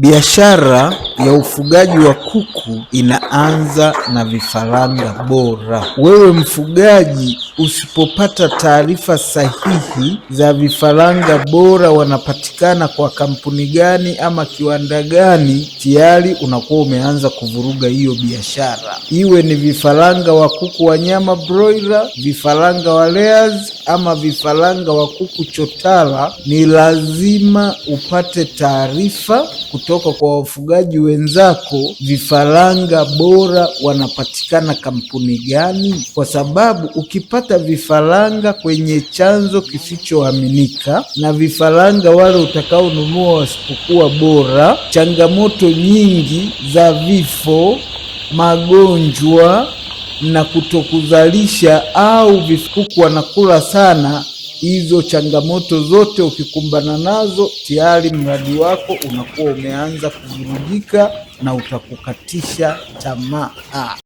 biashara ya ufugaji wa kuku inaanza na vifaranga bora. Wewe mfugaji, usipopata taarifa sahihi za vifaranga bora wanapatikana kwa kampuni gani ama kiwanda gani, tayari unakuwa umeanza kuvuruga hiyo biashara, iwe ni vifaranga wa kuku wa nyama broiler, vifaranga wa layers ama vifaranga wa kuku chotara. Ni lazima upate taarifa kutoka kwa wafugaji wenzako vifaranga bora wanapatikana kampuni gani? Kwa sababu ukipata vifaranga kwenye chanzo kisichoaminika na vifaranga wale utakaonunua wasipokuwa bora, changamoto nyingi za vifo, magonjwa na kutokuzalisha au vifuku wanakula sana Hizo changamoto zote ukikumbana nazo, tayari mradi wako unakuwa umeanza kuvurugika na utakukatisha tamaa.